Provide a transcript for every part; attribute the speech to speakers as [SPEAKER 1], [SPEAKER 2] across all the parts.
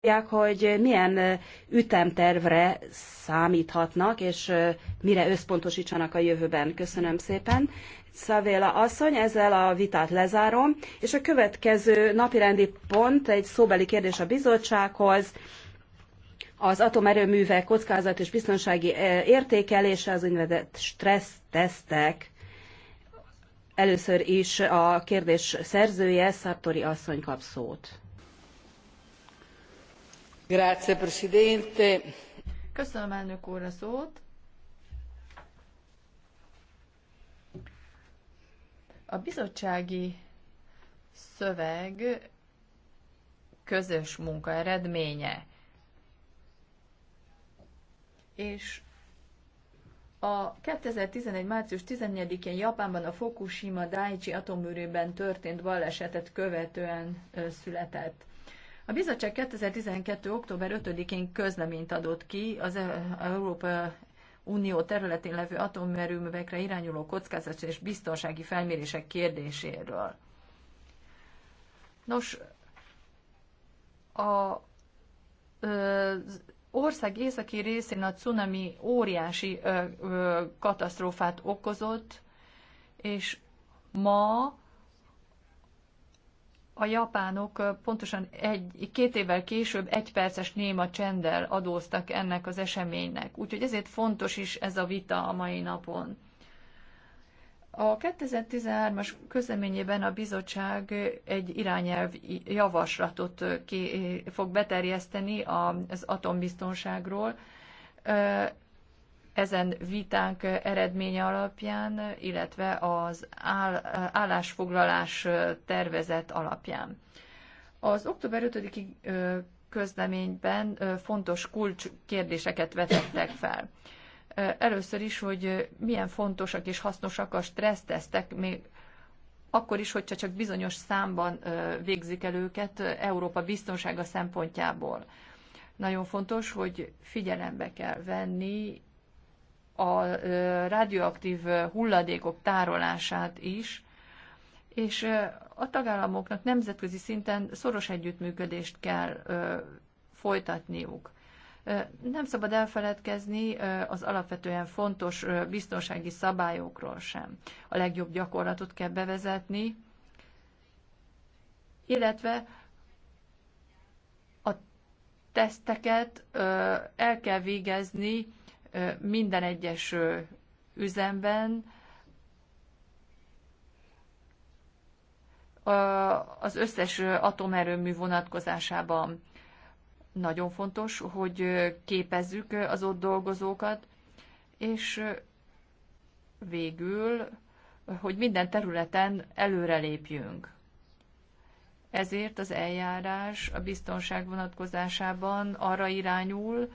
[SPEAKER 1] tudják, hogy milyen ütemtervre számíthatnak, és mire összpontosítsanak a jövőben. Köszönöm szépen. Szavéla asszony, ezzel a vitát lezárom, és a következő napirendi pont egy szóbeli kérdés a bizottsághoz. Az atomerőművek kockázat és biztonsági értékelése, az úgynevezett stressz tesztek. Először is a kérdés szerzője, Szartori asszony kap szót. Grazie, Presidente. Köszönöm elnök úr a szót.
[SPEAKER 2] A bizottsági szöveg közös munka eredménye. És a 2011. március 14-én Japánban a Fukushima Daiichi atomműrőben történt balesetet követően született. A bizottság 2012. október 5-én közleményt adott ki az e- Európa Unió területén levő atomerőművekre irányuló kockázat és biztonsági felmérések kérdéséről. Nos, a ö, ország északi részén a cunami óriási katasztrófát okozott, és ma a japánok pontosan egy, két évvel később egy perces néma csenddel adóztak ennek az eseménynek. Úgyhogy ezért fontos is ez a vita a mai napon. A 2013-as közleményében a bizottság egy irányelv javaslatot ki, fog beterjeszteni az atombiztonságról ezen vitánk eredménye alapján, illetve az áll, állásfoglalás tervezet alapján. Az október 5-i közleményben fontos kulcskérdéseket vetettek fel. Először is, hogy milyen fontosak és hasznosak a stressztesztek, még akkor is, hogyha csak bizonyos számban végzik el őket Európa biztonsága szempontjából. Nagyon fontos, hogy figyelembe kell venni a radioaktív hulladékok tárolását is, és a tagállamoknak nemzetközi szinten szoros együttműködést kell folytatniuk. Nem szabad elfeledkezni az alapvetően fontos biztonsági szabályokról sem. A legjobb gyakorlatot kell bevezetni, illetve a teszteket el kell végezni minden egyes üzemben az összes atomerőmű vonatkozásában nagyon fontos, hogy képezzük az ott dolgozókat, és végül, hogy minden területen előrelépjünk. Ezért az eljárás a biztonság vonatkozásában arra irányul,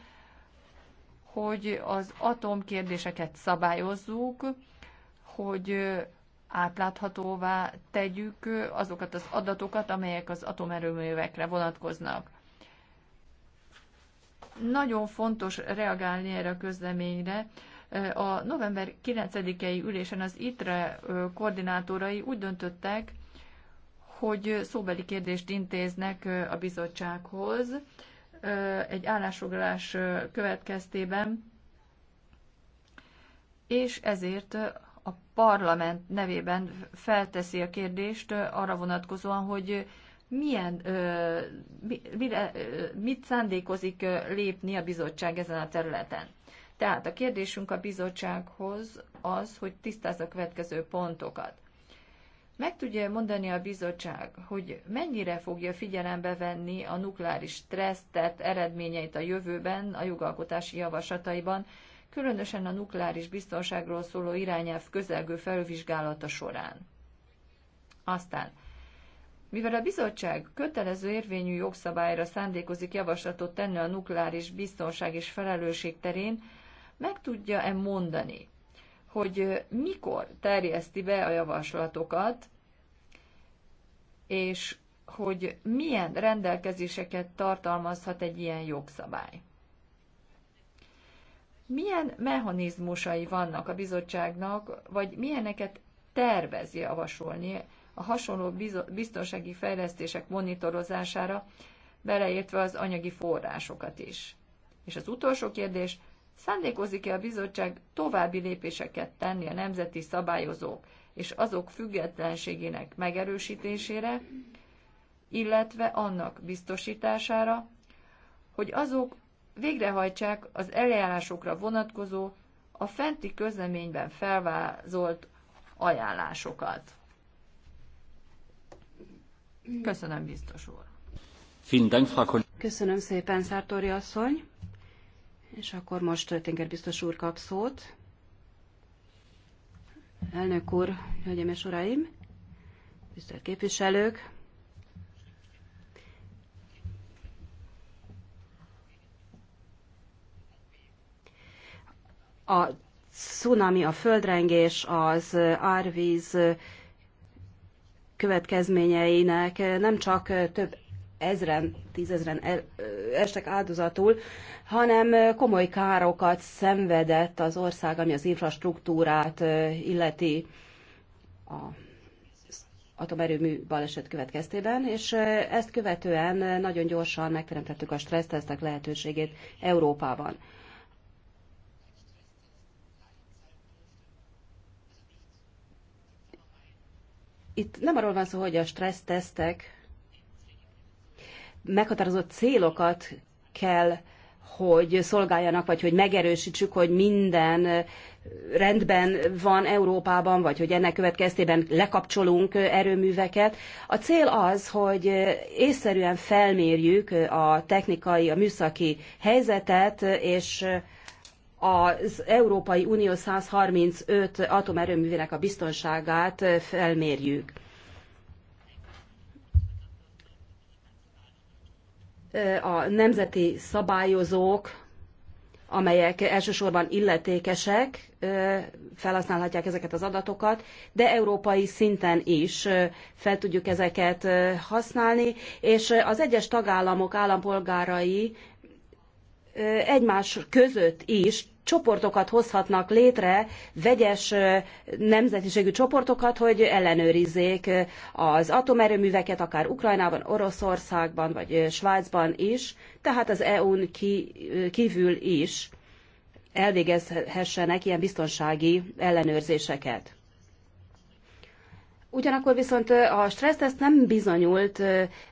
[SPEAKER 2] hogy az atomkérdéseket szabályozzuk, hogy átláthatóvá tegyük azokat az adatokat, amelyek az atomerőművekre vonatkoznak. Nagyon fontos reagálni erre a közleményre. A november 9-i ülésen az ITRE koordinátorai úgy döntöttek, hogy szóbeli kérdést intéznek a bizottsághoz, egy állásfoglalás következtében, és ezért a parlament nevében felteszi a kérdést arra vonatkozóan, hogy milyen, mit szándékozik lépni a bizottság ezen a területen. Tehát a kérdésünk a bizottsághoz az, hogy tisztázza a következő pontokat. Meg tudja mondani a bizottság, hogy mennyire fogja figyelembe venni a nukleáris stressztet eredményeit a jövőben, a jogalkotási javaslataiban, különösen a nukleáris biztonságról szóló irányelv közelgő felvizsgálata során. Aztán, mivel a bizottság kötelező érvényű jogszabályra szándékozik javaslatot tenni a nukleáris biztonság és felelősség terén, meg tudja-e mondani, hogy mikor terjeszti be a javaslatokat, és hogy milyen rendelkezéseket tartalmazhat egy ilyen jogszabály. Milyen mechanizmusai vannak a bizottságnak, vagy milyeneket tervez javasolni a hasonló biztonsági fejlesztések monitorozására, beleértve az anyagi forrásokat is? És az utolsó kérdés, Szándékozik-e a bizottság további lépéseket tenni a nemzeti szabályozók és azok függetlenségének megerősítésére, illetve annak biztosítására, hogy azok végrehajtsák az eljárásokra vonatkozó, a fenti közleményben felvázolt ajánlásokat.
[SPEAKER 1] Köszönöm, biztos úr. Köszönöm szépen, Szártori asszony. És akkor most Tinker biztos úr kap szót. Elnök úr, hölgyeim és uraim, tisztelt képviselők, a cunami, a földrengés, az árvíz következményeinek nem csak több ezren, tízezren estek áldozatul, hanem komoly károkat szenvedett az ország, ami az infrastruktúrát illeti a atomerőmű baleset következtében, és ezt követően nagyon gyorsan megteremtettük a stressztesztek lehetőségét Európában. Itt nem arról van szó, hogy a stressztesztek meghatározott célokat kell, hogy szolgáljanak, vagy hogy megerősítsük, hogy minden rendben van Európában, vagy hogy ennek következtében lekapcsolunk erőműveket. A cél az, hogy észszerűen felmérjük a technikai, a műszaki helyzetet, és az Európai Unió 135 atomerőművének a biztonságát felmérjük. a nemzeti szabályozók, amelyek elsősorban illetékesek, felhasználhatják ezeket az adatokat, de európai szinten is fel tudjuk ezeket használni, és az egyes tagállamok állampolgárai egymás között is csoportokat hozhatnak létre, vegyes nemzetiségű csoportokat, hogy ellenőrizzék az atomerőműveket, akár Ukrajnában, Oroszországban vagy Svájcban is, tehát az EU-n kívül is elvégezhessenek ilyen biztonsági ellenőrzéseket. Ugyanakkor viszont a stresszteszt nem bizonyult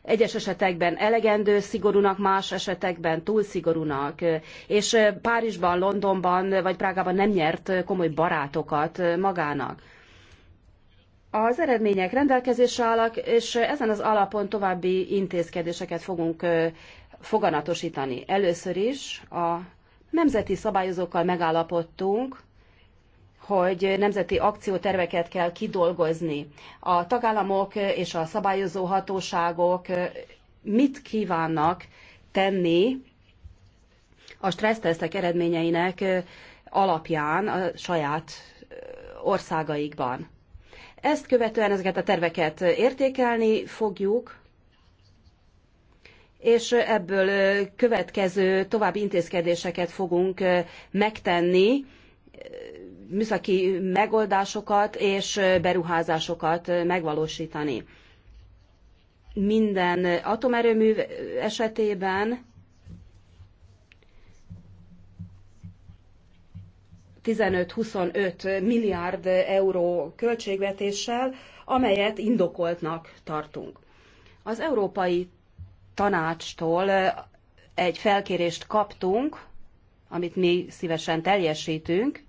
[SPEAKER 1] egyes esetekben elegendő szigorúnak, más esetekben túl szigorúnak, és Párizsban, Londonban vagy Prágában nem nyert komoly barátokat magának. Az eredmények rendelkezésre állak, és ezen az alapon további intézkedéseket fogunk foganatosítani. Először is a nemzeti szabályozókkal megállapodtunk, hogy nemzeti akcióterveket kell kidolgozni. A tagállamok és a szabályozó hatóságok mit kívánnak tenni a stressztesztek eredményeinek alapján a saját országaikban. Ezt követően ezeket a terveket értékelni fogjuk, és ebből következő további intézkedéseket fogunk megtenni, műszaki megoldásokat és beruházásokat megvalósítani. Minden atomerőmű esetében 15-25 milliárd euró költségvetéssel, amelyet indokoltnak tartunk. Az Európai Tanácstól egy felkérést kaptunk, amit mi szívesen teljesítünk,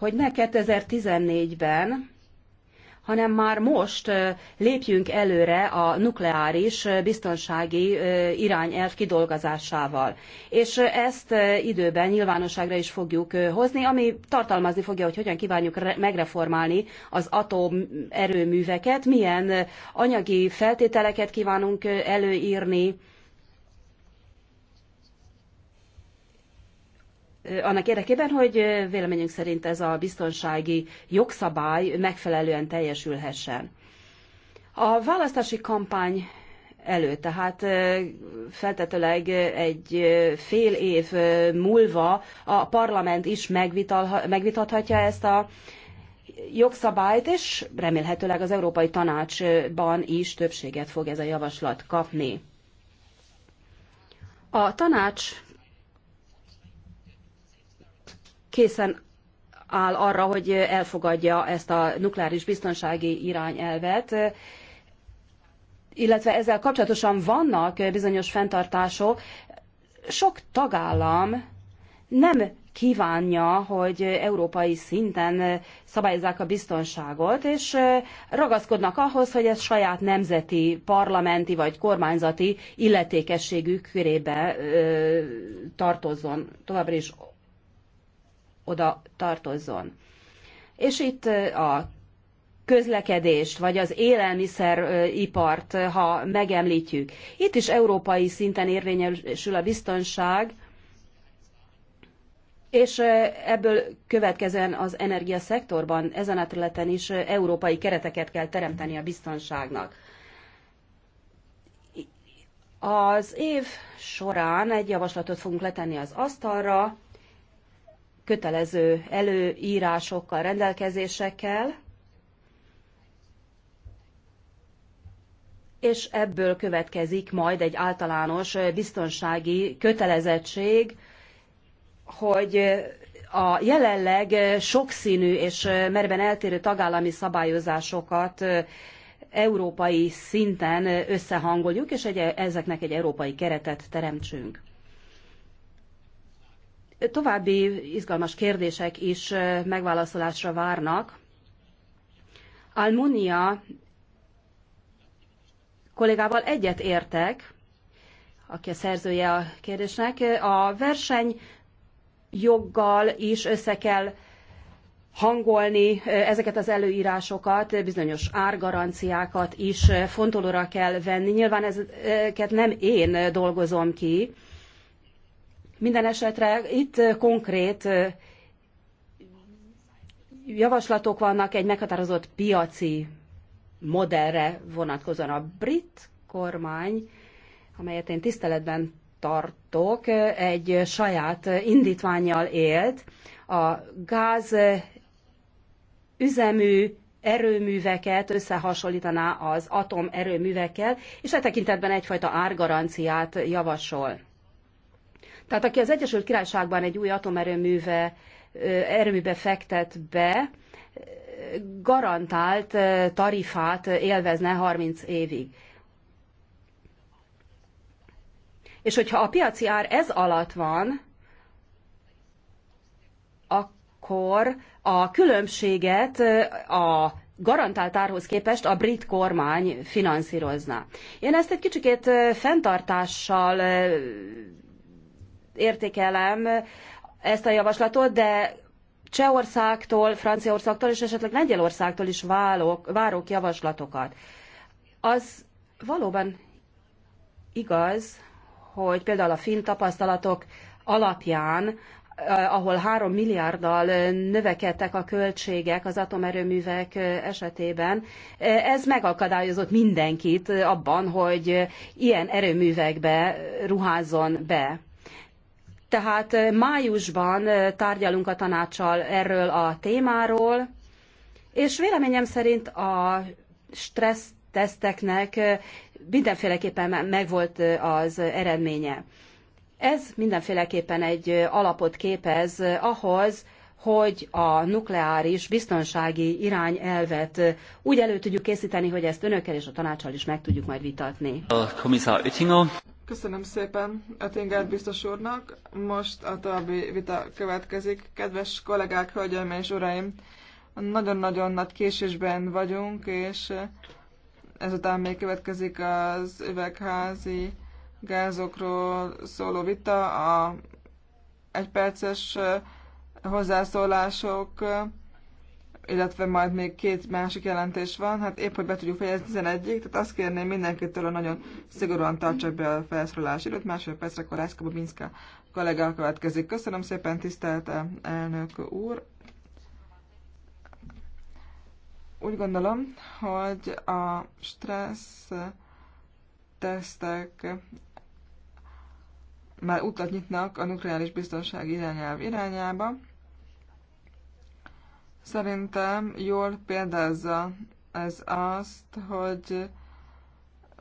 [SPEAKER 1] hogy ne 2014-ben, hanem már most lépjünk előre a nukleáris biztonsági irányelv kidolgozásával. És ezt időben nyilvánosságra is fogjuk hozni, ami tartalmazni fogja, hogy hogyan kívánjuk megreformálni az atomerőműveket, milyen anyagi feltételeket kívánunk előírni, annak érdekében, hogy véleményünk szerint ez a biztonsági jogszabály megfelelően teljesülhessen. A választási kampány előtt, tehát feltetőleg egy fél év múlva a parlament is megvitathatja ezt a jogszabályt, és remélhetőleg az Európai Tanácsban is többséget fog ez a javaslat kapni. A tanács készen áll arra, hogy elfogadja ezt a nukleáris biztonsági irányelvet, illetve ezzel kapcsolatosan vannak bizonyos fenntartások. Sok tagállam nem kívánja, hogy európai szinten szabályozzák a biztonságot, és ragaszkodnak ahhoz, hogy ez saját nemzeti, parlamenti vagy kormányzati illetékességük körébe tartozzon, továbbra is oda tartozzon. És itt a közlekedést, vagy az élelmiszeripart, ha megemlítjük. Itt is európai szinten érvényesül a biztonság, és ebből következően az energiaszektorban, ezen a területen is európai kereteket kell teremteni a biztonságnak. Az év során egy javaslatot fogunk letenni az asztalra, kötelező előírásokkal, rendelkezésekkel, és ebből következik majd egy általános biztonsági kötelezettség, hogy a jelenleg sokszínű és merben eltérő tagállami szabályozásokat európai szinten összehangoljuk, és egy, ezeknek egy európai keretet teremtsünk. További izgalmas kérdések is megválaszolásra várnak. Almunia kollégával egyet értek, aki a szerzője a kérdésnek, a verseny joggal is össze kell hangolni ezeket az előírásokat, bizonyos árgaranciákat is fontolóra kell venni. Nyilván ezeket nem én dolgozom ki, minden esetre itt konkrét javaslatok vannak egy meghatározott piaci modellre vonatkozóan. A brit kormány, amelyet én tiszteletben tartok, egy saját indítványjal élt a gáz üzemű erőműveket összehasonlítaná az atomerőművekkel, és e tekintetben egyfajta árgaranciát javasol. Tehát aki az Egyesült Királyságban egy új atomerőműve, erőműbe fektet be, garantált tarifát élvezne 30 évig. És hogyha a piaci ár ez alatt van, akkor a különbséget a garantált árhoz képest a brit kormány finanszírozná. Én ezt egy kicsikét fenntartással értékelem ezt a javaslatot, de Csehországtól, Franciaországtól és esetleg Lengyelországtól is válok, várok javaslatokat. Az valóban igaz, hogy például a finn tapasztalatok alapján, eh, ahol 3 milliárddal növekedtek a költségek az atomerőművek eh, esetében, eh, ez megakadályozott mindenkit abban, hogy ilyen erőművekbe ruházzon be. Tehát májusban tárgyalunk a tanácssal erről a témáról, és véleményem szerint a stressz teszteknek mindenféleképpen megvolt az eredménye. Ez mindenféleképpen egy alapot képez ahhoz, hogy a nukleáris biztonsági irányelvet úgy elő tudjuk készíteni, hogy ezt önökkel és a tanácssal is meg tudjuk majd vitatni. A
[SPEAKER 3] komisszár Oettinger.
[SPEAKER 4] Köszönöm szépen Ötinger biztos úrnak. Most a további vita következik. Kedves kollégák, hölgyeim és uraim, nagyon-nagyon nagy késésben vagyunk, és ezután még következik az üvegházi gázokról szóló vita, a egyperces hozzászólások illetve majd még két másik jelentés van, hát épp, hogy be tudjuk fejezni 11-ig, tehát azt kérném mindenkitől, hogy nagyon szigorúan tartsák be a felszólalás időt, másodpercre Korászka Babinska kollega következik. Köszönöm szépen, tisztelt elnök úr! Úgy gondolom, hogy a stressz tesztek már utat nyitnak a nukleáris biztonság irányelv irányába, Szerintem jól példázza ez azt, hogy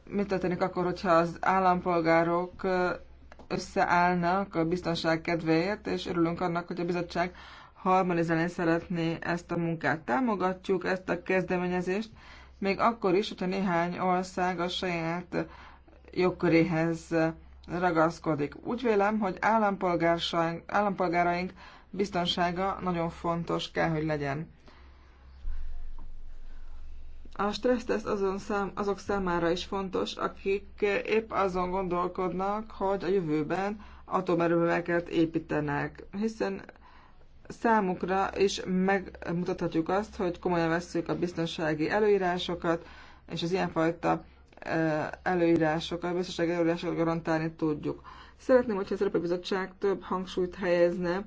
[SPEAKER 4] mit történik akkor, hogyha az állampolgárok összeállnak a biztonság kedvéért, és örülünk annak, hogy a bizottság harmonizálni szeretné ezt a munkát. Támogatjuk ezt a kezdeményezést, még akkor is, hogyha néhány ország a saját jogköréhez ragaszkodik. Úgy vélem, hogy állampolgárság, állampolgáraink biztonsága nagyon fontos kell, hogy legyen. A stresszteszt azon szám, azok számára is fontos, akik épp azon gondolkodnak, hogy a jövőben atomerőműveket építenek, hiszen számukra is megmutathatjuk azt, hogy komolyan vesszük a biztonsági előírásokat, és az ilyenfajta e, előírásokat, biztonsági előírásokat garantálni tudjuk. Szeretném, hogyha az Európai Bizottság több hangsúlyt helyezne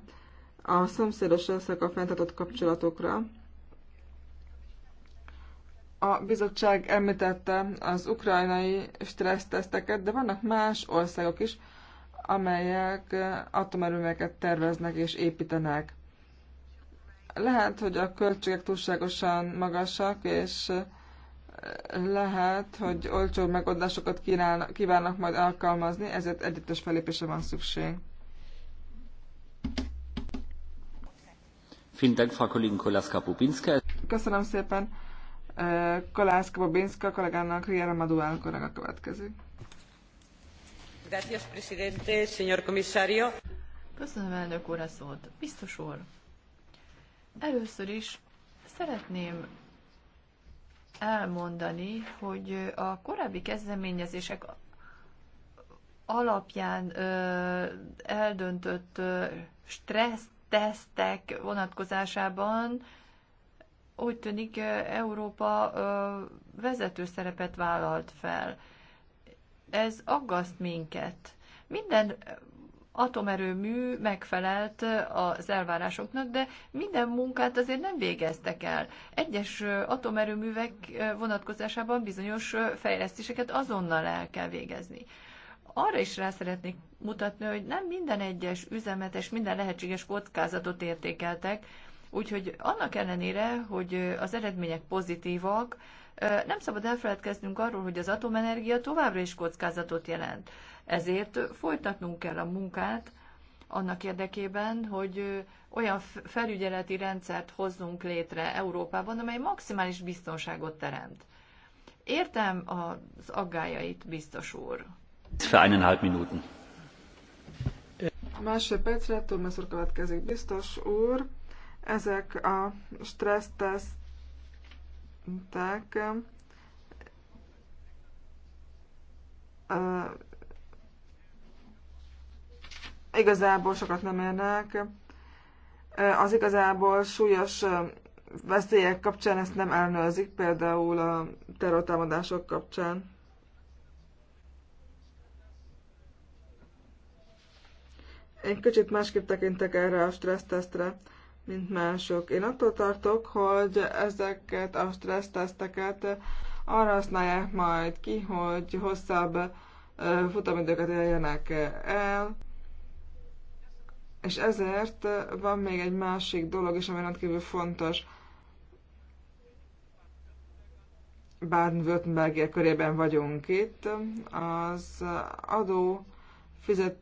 [SPEAKER 4] a szomszédos országokkal fenntartott kapcsolatokra. A bizottság említette az ukrajnai stresszteszteket, de vannak más országok is, amelyek atomerőműveket terveznek és építenek. Lehet, hogy a költségek túlságosan magasak, és lehet, hogy olcsó megoldásokat kívánnak majd alkalmazni, ezért együttes felépése van szükség. Köszönöm szépen. Eh, Kolászka Bobinska kollégának Riera Maduel kollega következik.
[SPEAKER 5] Gracias, presidente,
[SPEAKER 4] señor comisario. Köszönöm,
[SPEAKER 2] elnök úr, a szót. Biztos úr, először is szeretném elmondani, hogy a korábbi kezdeményezések alapján ö, eldöntött ö, stressz tesztek vonatkozásában úgy tűnik Európa vezető szerepet vállalt fel. Ez aggaszt minket. Minden atomerőmű megfelelt az elvárásoknak, de minden munkát azért nem végeztek el. Egyes atomerőművek vonatkozásában bizonyos fejlesztéseket azonnal el kell végezni arra is rá szeretnék mutatni, hogy nem minden egyes üzemet és minden lehetséges kockázatot értékeltek, úgyhogy annak ellenére, hogy az eredmények pozitívak, nem szabad elfeledkeznünk arról, hogy az atomenergia továbbra is kockázatot jelent. Ezért folytatnunk kell a munkát annak érdekében, hogy olyan felügyeleti rendszert hozzunk létre Európában, amely maximális biztonságot teremt.
[SPEAKER 4] Értem az aggájait, biztos úr.
[SPEAKER 3] Für eineinhalb Minuten.
[SPEAKER 4] Másfél percre Turmes úr következik, biztos úr. Ezek a stressztesztek igazából sokat nem érnek. Az igazából súlyos veszélyek kapcsán ezt nem elnőzik, például a terrortámadások kapcsán. Egy kicsit másképp tekintek erre a stressztesztre, mint mások. Én attól tartok, hogy ezeket a stresszteszteket arra használják majd ki, hogy hosszabb futamidőket éljenek el, és ezért van még egy másik dolog is, ami rendkívül fontos. baden württemberg körében vagyunk itt. Az adó fizet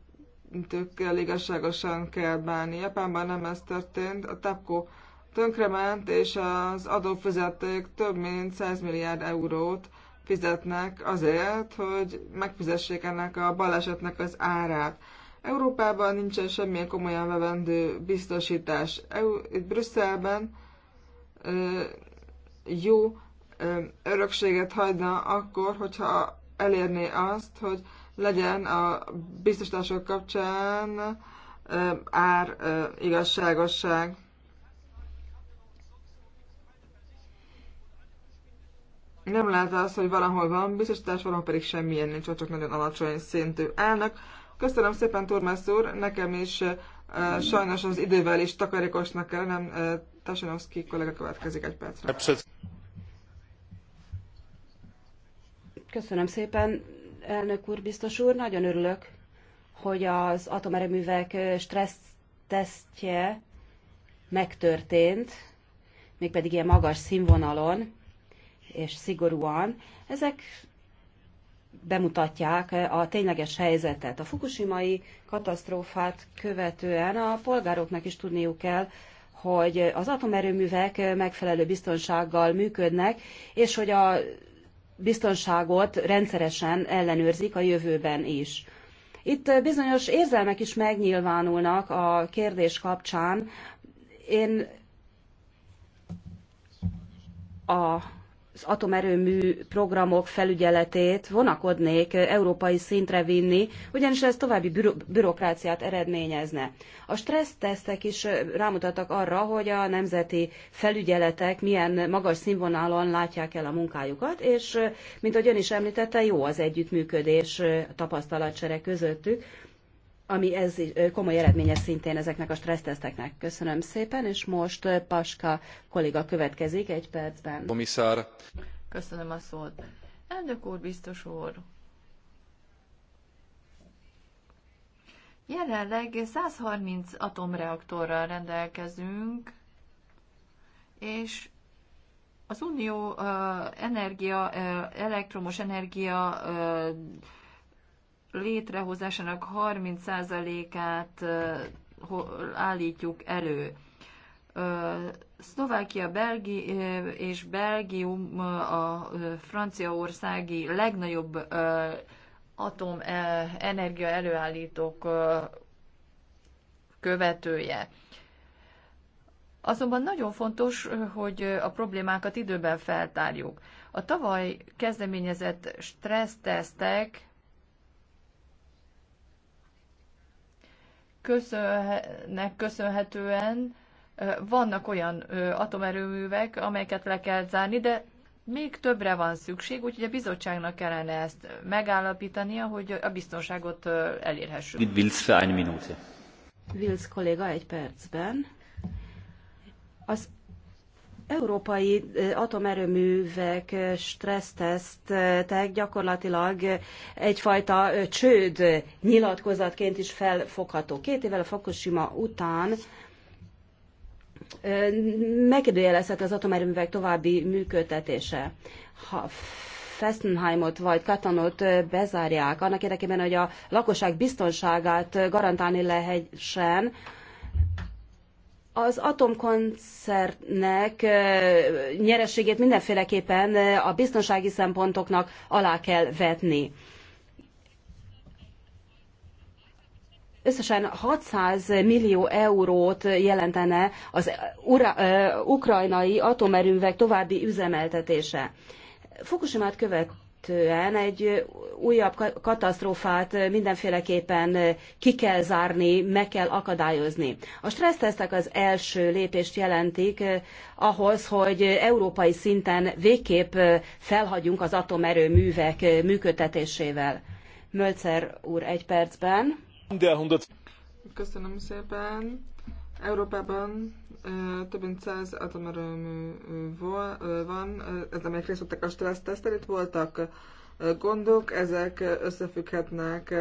[SPEAKER 4] tőkkel igazságosan kell bánni. Japánban nem ez történt, a TAPCO tönkrement, és az adófizetők több mint 100 milliárd eurót fizetnek azért, hogy megfizessék ennek a balesetnek az árát. Európában nincsen semmilyen komolyan vevendő biztosítás. itt Brüsszelben jó örökséget hagyna akkor, hogyha elérné azt, hogy legyen a biztosítások kapcsán ár igazságosság. Nem lehet az, hogy valahol van biztosítás, valahol pedig semmilyen nincs, csak nagyon alacsony szintű állnak. Köszönöm szépen, Turmes úr, nekem is sajnos az idővel is takarékosnak kell, nem Tasanovszki kollega következik egy percre.
[SPEAKER 1] Köszönöm szépen elnök úr, biztos úr, nagyon örülök, hogy az atomerőművek stressz tesztje megtörtént, mégpedig ilyen magas színvonalon és szigorúan. Ezek bemutatják a tényleges helyzetet. A fukushimai katasztrófát követően a polgároknak is tudniuk kell, hogy az atomerőművek megfelelő biztonsággal működnek, és hogy a biztonságot rendszeresen ellenőrzik a jövőben is. Itt bizonyos érzelmek is megnyilvánulnak a kérdés kapcsán. Én a az atomerőmű programok felügyeletét vonakodnék európai szintre vinni, ugyanis ez további bürokráciát eredményezne. A stressztesztek is rámutattak arra, hogy a nemzeti felügyeletek milyen magas színvonalon látják el a munkájukat, és mint ahogy ön is említette, jó az együttműködés tapasztalatcsere közöttük, ami ez komoly eredménye szintén ezeknek a stresszteszteknek. Köszönöm szépen, és most Paska kolléga következik egy percben.
[SPEAKER 6] Komisszár.
[SPEAKER 2] Köszönöm a szót. Elnök úr, biztos úr. Jelenleg 130 atomreaktorral rendelkezünk, és az Unió uh, energia, uh, elektromos energia uh, létrehozásának 30%-át állítjuk elő. Szlovákia Belgi és Belgium a franciaországi legnagyobb atom e, energia előállítók követője. Azonban nagyon fontos, hogy a problémákat időben feltárjuk. A tavaly kezdeményezett stressztesztek köszönhetnek köszönhetően vannak olyan atomerőművek, amelyeket le kell zárni, de még többre van szükség, úgyhogy a bizottságnak kellene ezt megállapítania, hogy a biztonságot elérhessük. Mit
[SPEAKER 3] Wills für eine Minute?
[SPEAKER 1] Wills kolléga egy percben. Az európai atomerőművek stressztesztek gyakorlatilag egyfajta csőd nyilatkozatként is felfogható. Két évvel a Fukushima után megkérdőjelezhető az atomerőművek további működtetése. Ha Fessenheimot vagy Katanot bezárják, annak érdekében, hogy a lakosság biztonságát garantálni lehessen, az atomkoncertnek nyerességét mindenféleképpen a biztonsági szempontoknak alá kell vetni. Összesen 600 millió eurót jelentene az ura, ukrajnai atomerőművek további üzemeltetése. Fukushima-t követ, illetően egy újabb katasztrófát mindenféleképpen ki kell zárni, meg kell akadályozni. A stressztesztek az első lépést jelentik eh, ahhoz, hogy európai szinten végképp eh, felhagyjunk az atomerőművek eh, működtetésével. Mölcer úr egy percben.
[SPEAKER 4] Köszönöm szépen. Európában több mint száz atomerőmű van, ez amelyek részt vettek a stressztesztel, itt voltak gondok, ezek összefügghetnek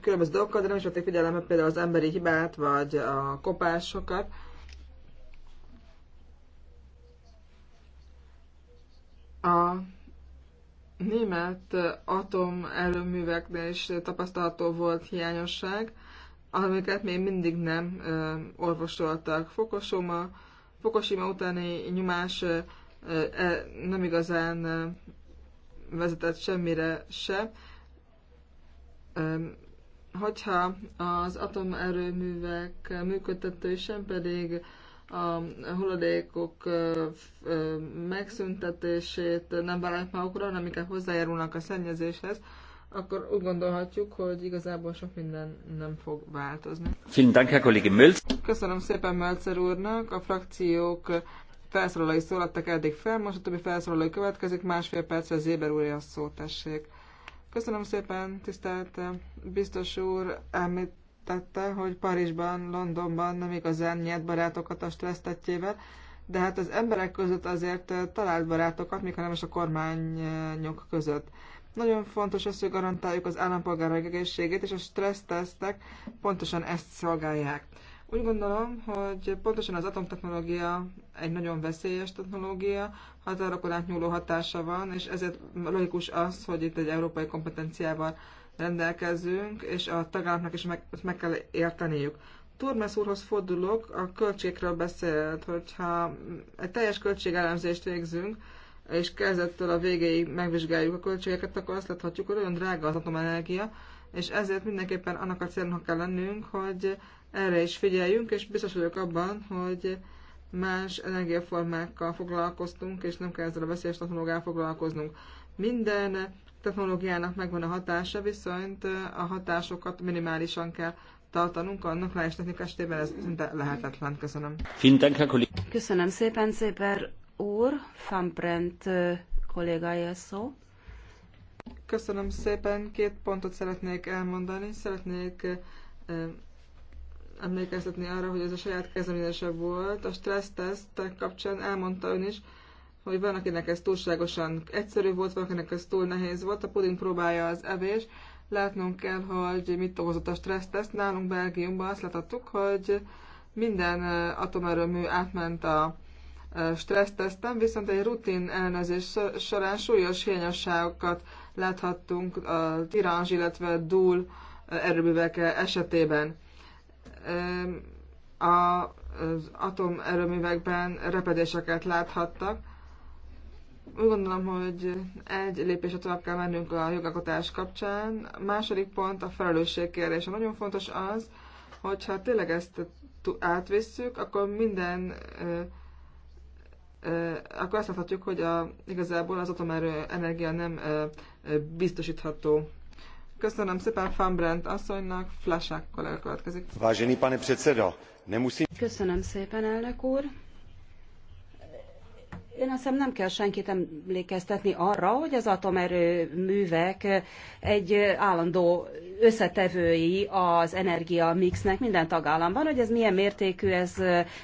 [SPEAKER 4] különböző dolgokkal, de nem is vették figyelembe például az emberi hibát, vagy a kopásokat. A német atomerőműveknél is tapasztalható volt hiányosság, amiket még mindig nem orvosoltak. Fokosoma, Fokosima utáni nyomás e, nem igazán vezetett semmire se. Hogyha az atomerőművek működtetői sem pedig a hulladékok megszüntetését nem vállalják magukra, hanem inkább hozzájárulnak a szennyezéshez, akkor úgy gondolhatjuk, hogy igazából sok minden nem fog változni. Köszönöm szépen Melzer úrnak, a frakciók felszólalói szólattak eddig fel, most a többi felszólalói következik, másfél percre Zéber úrja a szó, tessék. Köszönöm szépen, tisztelt biztos úr, említette, hogy Párizsban, Londonban nem igazán nyert barátokat a stressztetjével, de hát az emberek között azért talált barátokat, mikor nem is a kormányok között. Nagyon fontos az, hogy garantáljuk az állampolgárok egészségét, és a stressztesztek pontosan ezt szolgálják. Úgy gondolom, hogy pontosan az atomtechnológia egy nagyon veszélyes technológia, határokon átnyúló hatása van, és ezért logikus az, hogy itt egy európai kompetenciával rendelkezünk, és a tagállamnak is meg, meg kell érteniük. Turmes úrhoz fordulok, a költségekről beszélt, hogyha egy teljes költségelemzést végzünk, és kezdettől a végéig megvizsgáljuk a költségeket, akkor azt láthatjuk, hogy olyan drága az atomenergia, és ezért mindenképpen annak a célnak kell lennünk, hogy erre is figyeljünk, és biztos vagyok abban, hogy más energiaformákkal foglalkoztunk, és nem kell ezzel a veszélyes technológiával foglalkoznunk. Minden technológiának megvan a hatása, viszont a hatásokat minimálisan kell tartanunk, a nukleáris technikás esetében ez szinte lehetetlen. Köszönöm. Köszönöm szépen, szépen úr, Brent kollégája szó. Köszönöm szépen, két pontot szeretnék elmondani. Szeretnék emlékeztetni arra, hogy ez a saját kezdeményezése volt. A stressztesztek kapcsán elmondta ön is, hogy van, akinek ez túlságosan egyszerű volt, van, akinek ez túl nehéz volt. A puding próbálja az evés. Látnunk kell, hogy mit okozott a stresszteszt. Nálunk Belgiumban azt láthattuk, hogy minden atomerőmű átment a stressztesztem, viszont egy rutin elnözés során súlyos hiányosságokat láthattunk a tiráns, illetve Dúl erőművek esetében. Az erőművekben repedéseket láthattak. Úgy gondolom, hogy egy lépésre tovább kell mennünk a jogalkotás kapcsán. A második pont a felelősség kérdése. Nagyon fontos az, hogyha tényleg ezt átvisszük, akkor minden akkor azt mondhatjuk, hogy a, igazából az atomerő energia nem biztosítható. Köszönöm szépen Fambrent asszonynak, Flasák kollega
[SPEAKER 1] következik. Vážený pane předsedo, nemusím... Köszönöm szépen, elnök úr. Én azt hiszem nem kell senkit emlékeztetni arra, hogy az atomerőművek egy állandó összetevői az energia mixnek minden tagállamban, hogy ez milyen mértékű, ez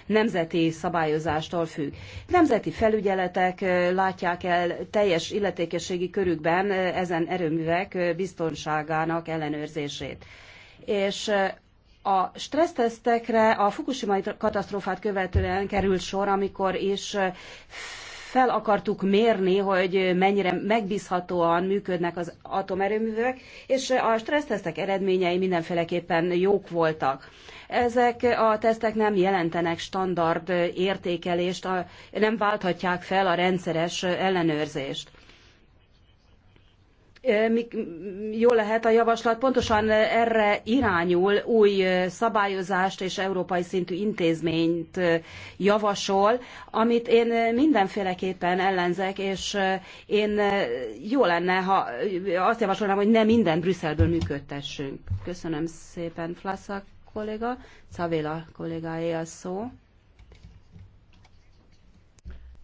[SPEAKER 1] nemzeti szabályozástól függ. Nemzeti felügyeletek látják el teljes illetékességi körükben ezen erőművek biztonságának ellenőrzését. És a stressztesztekre a fukushima katasztrófát követően került sor, amikor is fel akartuk mérni, hogy mennyire megbízhatóan működnek az atomerőművek, és a stressztesztek eredményei mindenféleképpen jók voltak. Ezek a tesztek nem jelentenek standard értékelést, nem válthatják fel a rendszeres ellenőrzést jó lehet a javaslat, pontosan erre irányul új szabályozást és európai szintű intézményt javasol, amit én mindenféleképpen ellenzek, és én jó lenne, ha azt javasolnám, hogy ne minden Brüsszelből működtessünk. Köszönöm szépen, Flaszak kolléga. Szavéla kollégáé a szó.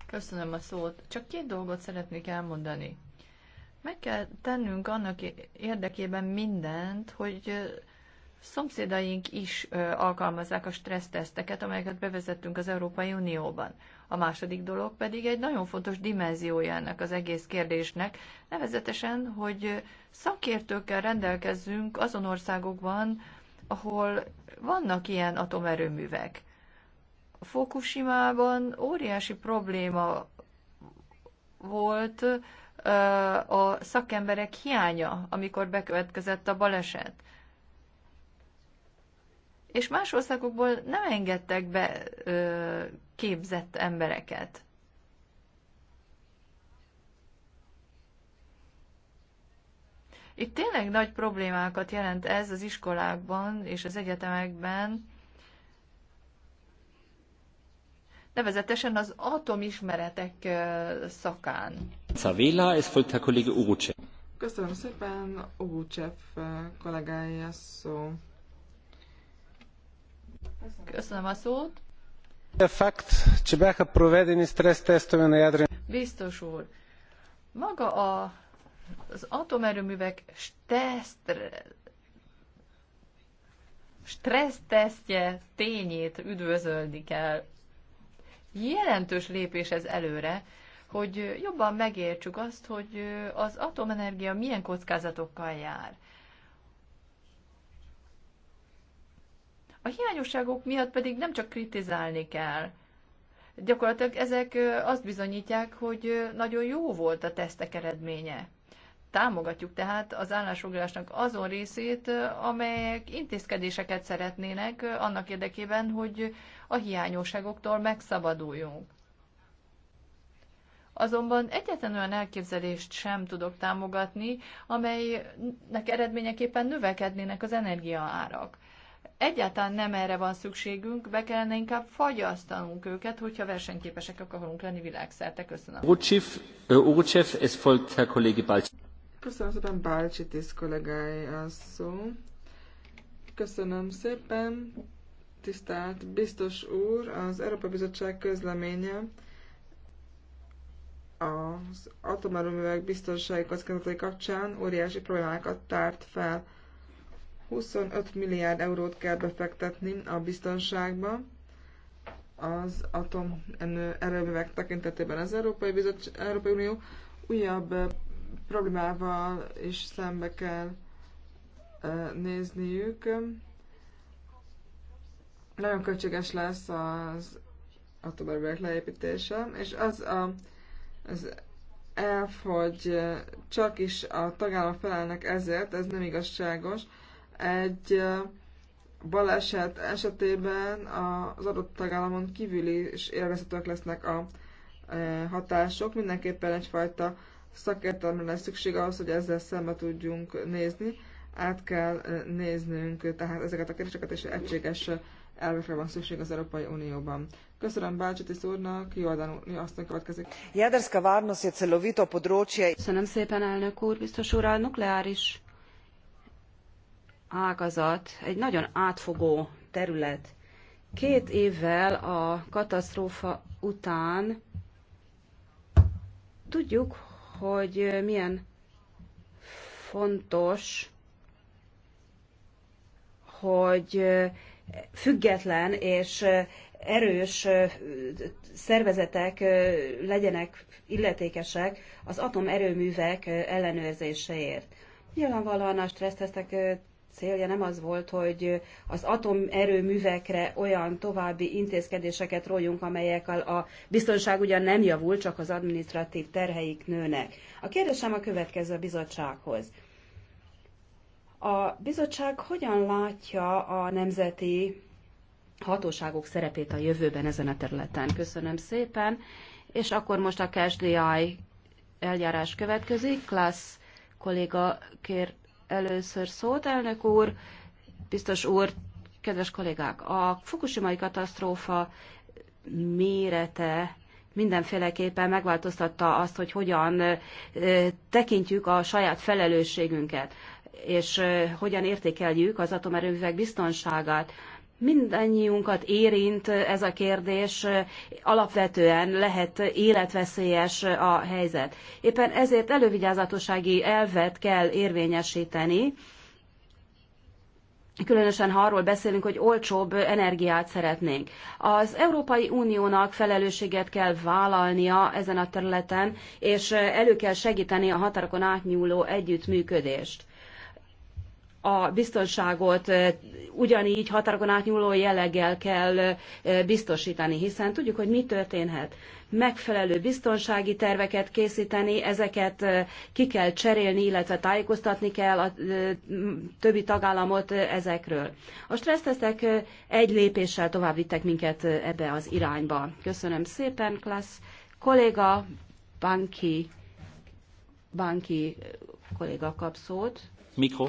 [SPEAKER 2] Köszönöm a szót. Csak két dolgot szeretnék elmondani. Meg kell tennünk annak érdekében mindent, hogy szomszédaink is alkalmazzák a stresszteszteket, amelyeket bevezettünk az Európai Unióban. A második dolog pedig egy nagyon fontos dimenziója ennek az egész kérdésnek, nevezetesen, hogy szakértőkkel rendelkezzünk azon országokban, ahol vannak ilyen atomerőművek. A Fukushima-ban óriási probléma volt, a szakemberek hiánya, amikor bekövetkezett a baleset. És más országokból nem engedtek be képzett embereket. Itt tényleg nagy problémákat jelent ez az iskolákban és az egyetemekben, nevezetesen az atomismeretek szakán.
[SPEAKER 3] Szavila, ez folyt a kollége
[SPEAKER 5] Urucsev.
[SPEAKER 4] Köszönöm szépen, Urucsev kollégája szó. Köszönöm a szót.
[SPEAKER 5] A fact, че бяха проведени стрес тестове на ядрен...
[SPEAKER 2] Biztos úr, maga a, az atomerőművek teszt, stressz tesztje tényét üdvözöldik kell jelentős lépés ez előre, hogy jobban megértsük azt, hogy az atomenergia milyen kockázatokkal jár. A hiányosságok miatt pedig nem csak kritizálni kell. Gyakorlatilag ezek azt bizonyítják, hogy nagyon jó volt a tesztek eredménye. Támogatjuk tehát az állásfoglalásnak azon részét, amelyek intézkedéseket szeretnének annak érdekében, hogy a hiányosságoktól megszabaduljunk. Azonban egyetlen olyan elképzelést sem tudok támogatni, amelynek eredményeképpen növekednének az energiaárak. Egyáltalán nem erre van szükségünk, be kellene inkább fagyasztanunk őket, hogyha
[SPEAKER 4] versenyképesek akarunk lenni világszerte. Köszönöm.
[SPEAKER 3] Urucsif, Urucsif, ez volt a kollégi Balcs.
[SPEAKER 4] Köszönöm szépen Balcsitis tiszt kollégája szó. Köszönöm szépen. Tisztelt biztos úr, az Európa Bizottság közleménye az atomerőművek biztonsági kockázatai kapcsán óriási problémákat tárt fel. 25 milliárd eurót kell befektetni a biztonságba az atomerőművek tekintetében. Az Európai, Bizottság, Európai Unió újabb eh, problémával is szembe kell eh, nézniük. Nagyon költséges lesz az atomerőművek leépítése, és az a, az elf, hogy csak is a tagállamok felelnek ezért, ez nem igazságos. Egy baleset esetében az adott tagállamon kívüli és élvezhetőek lesznek a hatások. Mindenképpen egyfajta szakértelme lesz szükség ahhoz, hogy ezzel szembe tudjunk nézni. Át kell néznünk tehát ezeket a kérdéseket, és egységes elvekre van szükség az Európai Unióban. Köszönöm Bácsitis úrnak, adani azt aztán következik.
[SPEAKER 1] Jedrska varnos je celovito področje. Köszönöm szépen, elnök úr, biztos úr, a nukleáris ágazat egy nagyon átfogó terület. Két évvel a katasztrófa után tudjuk, hogy milyen fontos, hogy független és erős szervezetek legyenek illetékesek az atomerőművek ellenőrzéseért. Nyilvánvalóan a stressztesztek célja nem az volt, hogy az atomerőművekre olyan további intézkedéseket rójunk, amelyekkel a biztonság ugyan nem javul, csak az administratív terheik nőnek. A kérdésem a következő a bizottsághoz. A bizottság hogyan látja a nemzeti hatóságok szerepét a jövőben ezen a területen? Köszönöm szépen. És akkor most a KSDI eljárás következik. Klassz kolléga kér először szót, elnök úr, biztos úr, kedves kollégák, a fukushimai katasztrófa mérete mindenféleképpen megváltoztatta azt, hogy hogyan tekintjük a saját felelősségünket és hogyan értékeljük az atomerőművek biztonságát. Mindennyiunkat érint ez a kérdés, alapvetően lehet életveszélyes a helyzet. Éppen ezért elővigyázatossági elvet kell érvényesíteni, Különösen ha arról beszélünk, hogy olcsóbb energiát szeretnénk. Az Európai Uniónak felelősséget kell vállalnia ezen a területen, és elő kell segíteni a határokon átnyúló együttműködést a biztonságot ugyanígy határokon átnyúló jelleggel kell biztosítani, hiszen tudjuk, hogy mi történhet. Megfelelő biztonsági terveket készíteni, ezeket ki kell cserélni, illetve tájékoztatni kell a többi tagállamot ezekről. A stressztesztek egy lépéssel tovább vittek minket ebbe az irányba. Köszönöm szépen, klassz kolléga, banki, banki kolléga kap szót.
[SPEAKER 6] Mikro.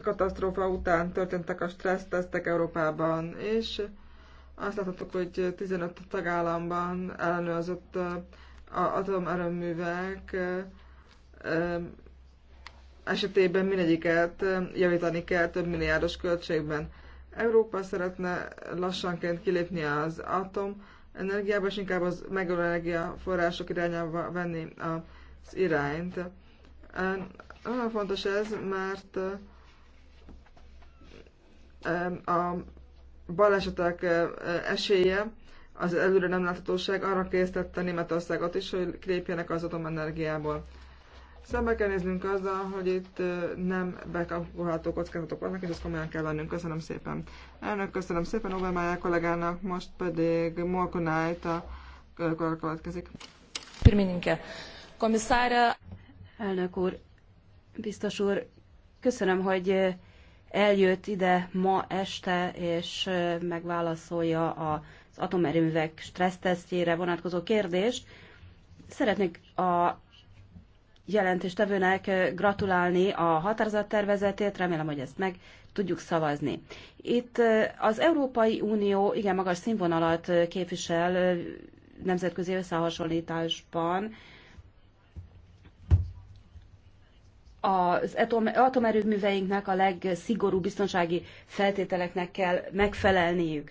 [SPEAKER 4] katasztrófa után történtek a stressztesztek Európában, és azt láthatok, hogy 15 tagállamban ellenőrzött atomerőművek esetében mindegyiket javítani kell több milliárdos költségben. Európa szeretne lassanként kilépni az atom energiába, és inkább az megújuló energiaforrások irányába venni az irányt. Nagyon fontos ez, mert a balesetek esélye, az előre nem láthatóság arra késztette Németországot is, hogy lépjenek az atomenergiából. Szembe kell néznünk azzal, hogy itt nem bekapolható kockázatok vannak, és ezt komolyan kell vennünk. Köszönöm szépen. Elnök, köszönöm szépen Obermeyer kollégának, most pedig Molkonájt a következik.
[SPEAKER 1] Pirmininke. Komisszára. Elnök úr, biztos úr, köszönöm, hogy eljött ide ma este, és megválaszolja az atomerőművek stressztesztjére vonatkozó kérdést. Szeretnék a jelentéstevőnek gratulálni a határozattervezetét, remélem, hogy ezt meg tudjuk szavazni. Itt az Európai Unió igen magas színvonalat képvisel nemzetközi összehasonlításban, az atomerőműveinknek a legszigorú biztonsági feltételeknek kell megfelelniük.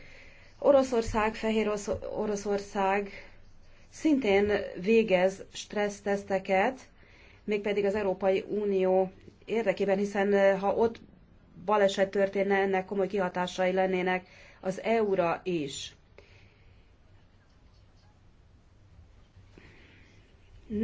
[SPEAKER 1] Oroszország, Fehér Oroszország szintén végez stresszteszteket, mégpedig az Európai Unió érdekében, hiszen eh, ha ott baleset történne, ennek komoly kihatásai lennének az EU-ra is. N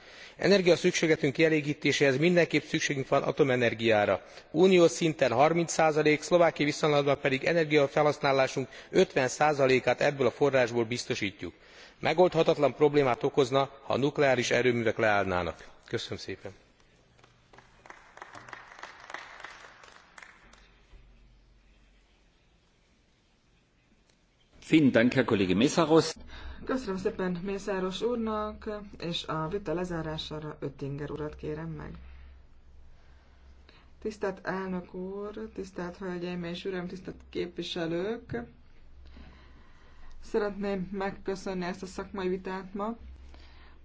[SPEAKER 5] energiaszükségletünk kielégtéséhez mindenképp szükségünk van atomenergiára uniós szinten thirty szlovákiai viszonylatban pedig energiafelhasználásunk fifty át ebből a forrásból biztostjuk. megoldhatatlan problémát okozna ha a nukleáris erőművek leállnának. köszönöm szépen!
[SPEAKER 4] Köszönöm szépen Mészáros úrnak, és a vita lezárására Öttinger urat kérem meg. Tisztelt elnök úr, tisztelt hölgyeim és uram, tisztelt képviselők! Szeretném megköszönni ezt a szakmai vitát ma,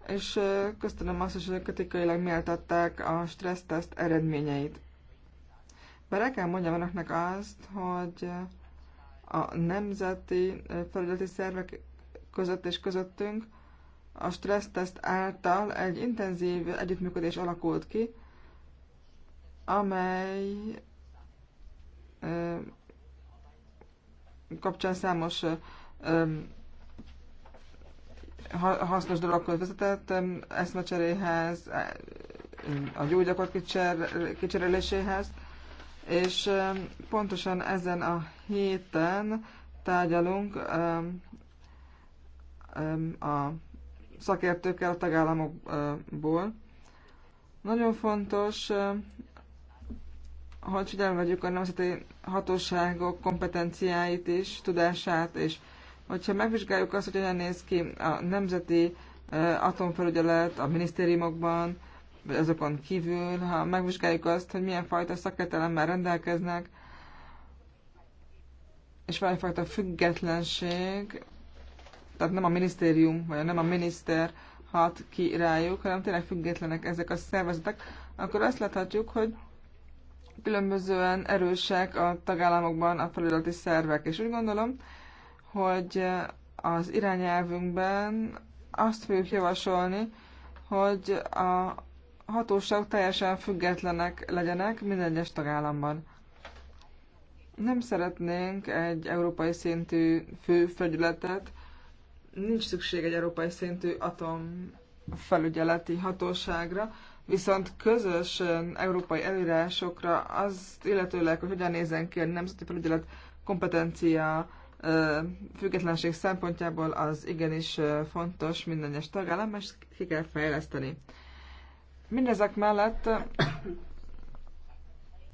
[SPEAKER 4] és köszönöm azt is, hogy kritikailag méltatták a stresszteszt eredményeit. Bár el kell mondjam önöknek azt, hogy a nemzeti felületi szervek között és közöttünk a stresszteszt által egy intenzív együttműködés alakult ki, amely kapcsán számos hasznos dologhoz vezetett, eszmecseréhez, a gyógyakor kicseréléséhez, és pontosan ezen a héten tárgyalunk a szakértőkkel a tagállamokból. Nagyon fontos, hogy figyelme vegyük a nemzeti hatóságok kompetenciáit is, tudását, és hogyha megvizsgáljuk azt, hogy hogyan néz ki a nemzeti e, atomfelügyelet a minisztériumokban, vagy azokon kívül, ha megvizsgáljuk azt, hogy milyen fajta szakértelemmel rendelkeznek, és valamifajta függetlenség tehát nem a minisztérium, vagy nem a miniszter hat ki rájuk, hanem tényleg függetlenek ezek a szervezetek, akkor azt láthatjuk, hogy különbözően erősek a tagállamokban a felületi szervek. És úgy gondolom, hogy az irányelvünkben azt fogjuk javasolni, hogy a hatóság teljesen függetlenek legyenek minden egyes tagállamban. Nem szeretnénk egy európai szintű főfelületet, nincs szükség egy európai szintű atomfelügyeleti hatóságra, viszont közös európai előírásokra az illetőleg, hogy hogyan nézzen ki a nemzeti felügyelet kompetencia függetlenség szempontjából az igenis fontos minden egyes tagállam, és ki kell fejleszteni. Mindezek mellett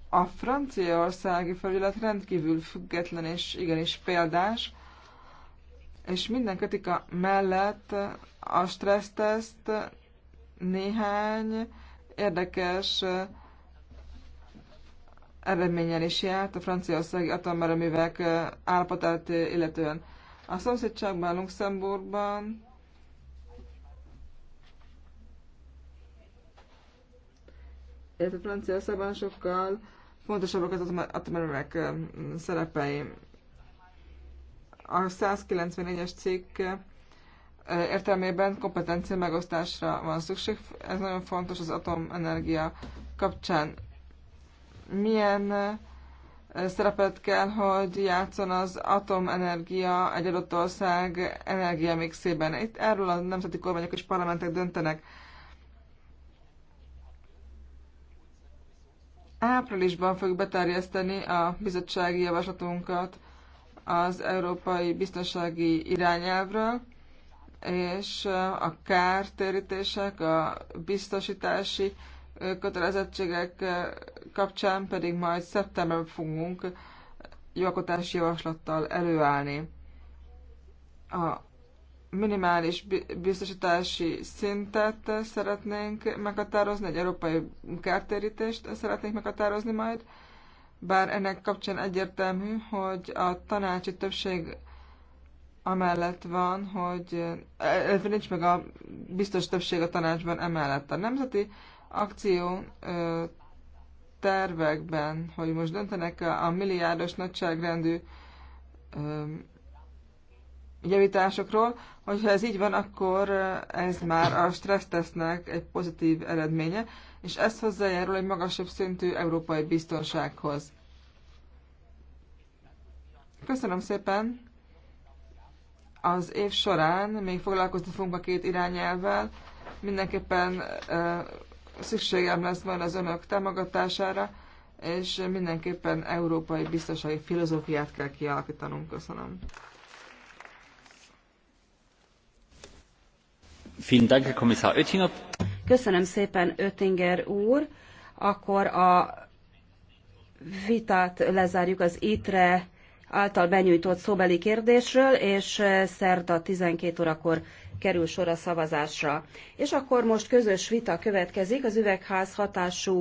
[SPEAKER 4] a franciaországi felület rendkívül független és igenis példás, és minden kritika mellett a stresszteszt néhány érdekes eredményen is járt a franciaországi atomerőművek állapotát illetően. A szomszédságban, Luxemburgban illetve Franciaországban sokkal fontosabbak az atomerőművek szerepei a 191-es cikk értelmében kompetencia megosztásra van szükség. Ez nagyon fontos az atomenergia kapcsán. Milyen szerepet kell, hogy játszon az atomenergia egy adott ország energiamixében. Itt erről a nemzeti kormányok és parlamentek döntenek. Áprilisban fogjuk beterjeszteni a bizottsági javaslatunkat az európai biztonsági irányelvről, és a kártérítések, a biztosítási kötelezettségek kapcsán pedig majd szeptemberben fogunk jogalkotási javaslattal előállni. A minimális biztosítási szintet szeretnénk meghatározni, egy európai kártérítést szeretnénk meghatározni majd, bár ennek kapcsán egyértelmű, hogy a tanácsi többség amellett van, hogy illetve nincs meg a biztos többség a tanácsban emellett. A nemzeti akció tervekben, hogy most döntenek a milliárdos nagyságrendű javításokról, hogyha ez így van, akkor ez már a stressztesznek egy pozitív eredménye, és ez hozzájárul egy magasabb szintű európai biztonsághoz. Köszönöm szépen! Az év során még foglalkozni fogunk a két irányelvvel. Mindenképpen szükségem lesz majd az önök támogatására, és mindenképpen európai biztonsági filozófiát kell kialakítanunk. Köszönöm.
[SPEAKER 3] Vielen Dank, Herr Kommissar Oettinger.
[SPEAKER 1] Köszönöm szépen, Ötinger úr. Akkor a vitát lezárjuk az ITRE által benyújtott szóbeli kérdésről, és eh, szerda 12 órakor kerül sor a szavazásra. És akkor most közös vita következik az üvegház hatású